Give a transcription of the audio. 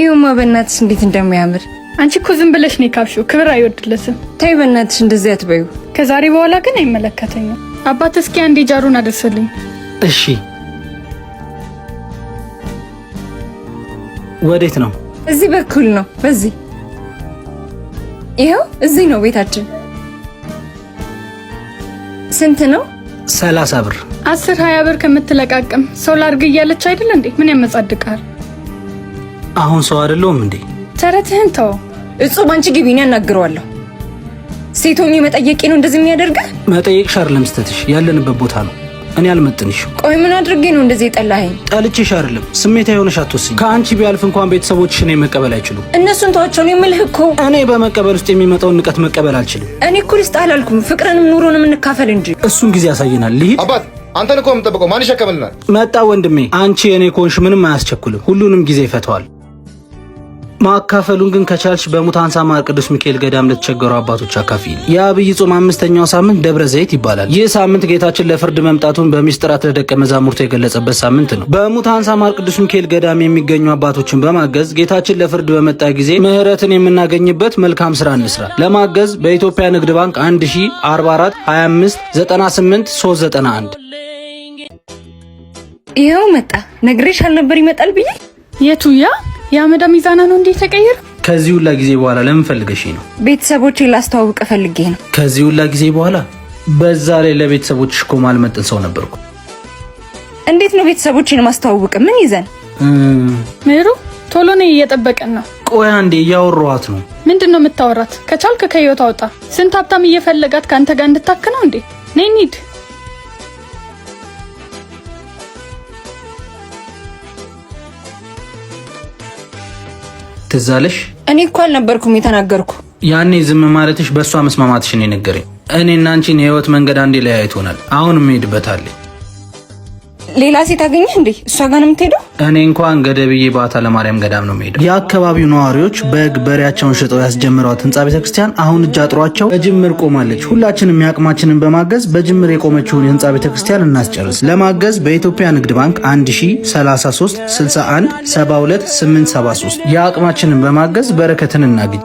ይሁማ በእናትሽ እንዴት እንደሚያምር አንቺ እኮ ዝም ብለሽ ነው የካብሽው። ክብር አይወድለትም። ተይ በእናትሽ እንደዚህ አትበዩ። ከዛሬ በኋላ ግን አይመለከተኝም። አባት እስኪ አንዴ ጃሩን አደርሰልኝ። እሺ። ወዴት ነው? እዚህ በኩል ነው። በዚህ ይኸው፣ እዚህ ነው ቤታችን። ስንት ነው? ሰላሳ ብር። አስር ሀያ ብር ከምትለቃቅም ሰው ላድርግ እያለች አይደል እንዴ? ምን ያመጻድቃል? አሁን ሰው አይደለሁም እንዴ? ተረትህን ተው። እጹብ አንቺ ግቢ፣ እኔ አናግረዋለሁ። ሴት ሆኜ መጠየቄ ነው እንደዚህ የሚያደርግህ? መጠየቅሽ አይደለም ስተትሽ፣ ያለንበት ቦታ ነው። እኔ አልመጥንሽ። ቆይ ምን አድርጌ ነው እንደዚህ የጠላኸኝ? ጠልቼሽ አይደለም፣ ስሜት የሆነሽ አትወስኝ። ከአንቺ ቢያልፍ እንኳን ቤተሰቦችሽ እኔ መቀበል አይችሉም። እነሱን ተዋቸው ነው የምልህ እኮ። እኔ በመቀበል ውስጥ የሚመጣውን ንቀት መቀበል አልችልም። እኔ እኮ ልስጥ አላልኩም። ፍቅርንም ኑሮንም እንካፈል እንጂ እሱን ጊዜ ያሳየናል። ልሂድ። አባት አንተን እኮ የምጠብቀው ማን ይሸከምልናል? መጣ ወንድሜ። አንቺ የኔ ኮንሽ ምንም አያስቸኩልም። ሁሉንም ጊዜ ይፈተዋል። ማካፈሉን ግን ከቻልሽ አንሳ ማር ቅዱስ ሚካኤል ገዳም ለተቸገሩ አባቶች አካፊል። የአብይ ጾም አምስተኛው ሳምንት ደብረ ዘይት ይባላል። ይህ ሳምንት ጌታችን ለፍርድ መምጣቱን በሚስጥራት ለደቀ መዛሙርቱ የገለጸበት ሳምንት ነው። አንሳ ማር ቅዱስ ሚካኤል ገዳም የሚገኙ አባቶችን በማገዝ ጌታችን ለፍርድ በመጣ ጊዜ ምህረትን የምናገኝበት መልካም ስራ እንስራ። ለማገዝ በኢትዮጵያ ንግድ ባንክ 44 25 98 391 ይኸው መጣ። ነግሬሽ አልነበር ይመጣል ብዬ የቱያ የአመዳ ሚዛና ነው እንዴ ተቀየረ? ከዚህ ሁላ ጊዜ በኋላ ለምን ፈልገሽ ነው? ቤተሰቦቼ ላስተዋውቅ ፈልጌ ነው። ከዚህ ሁላ ጊዜ በኋላ በዛ ላይ ለቤተሰቦችሽ እኮ ማልመጥን ሰው ነበርኩ። እንዴት ነው ቤተሰቦችን ማስተዋውቅ? ምን ይዘን ምሩ? ቶሎ ነው እየጠበቀን ነው። ቆይ አንዴ እያወራኋት ነው። ምንድን ነው የምታወራት? ከቻልክ ከህይወት አውጣ። ስንት ሀብታም እየፈለጋት ከአንተ ጋር እንድታክነው እንዴ? ነይ እንሂድ። ትዝ አለሽ? እኔ እኮ አልነበርኩም የተናገርኩ። ያኔ ዝም ማለትሽ በእሷ መስማማትሽን የነገረኝ። እኔ እናንቺን የህይወት መንገድ አንዴ ለያይቶናል። አሁን የምሄድበት ሌላ ሴት አገኘ እንዴ? እሷ ጋር ነው የምትሄደው? እኔ እንኳን ገደብዬ ባታ ለማርያም ገዳም ነው የምሄደው። የአካባቢው ነዋሪዎች በግ በሬያቸውን ሽጠው ያስጀምረዋት ህንፃ ቤተክርስቲያን አሁን እጅ አጥሯቸው በጅምር ቆማለች። ሁላችንም የአቅማችንን በማገዝ በጅምር የቆመችውን የህንፃ ቤተክርስቲያን እናስጨርስ። ለማገዝ በኢትዮጵያ ንግድ ባንክ 1033 61 72 873 የአቅማችንን በማገዝ በረከትን እናግኝ።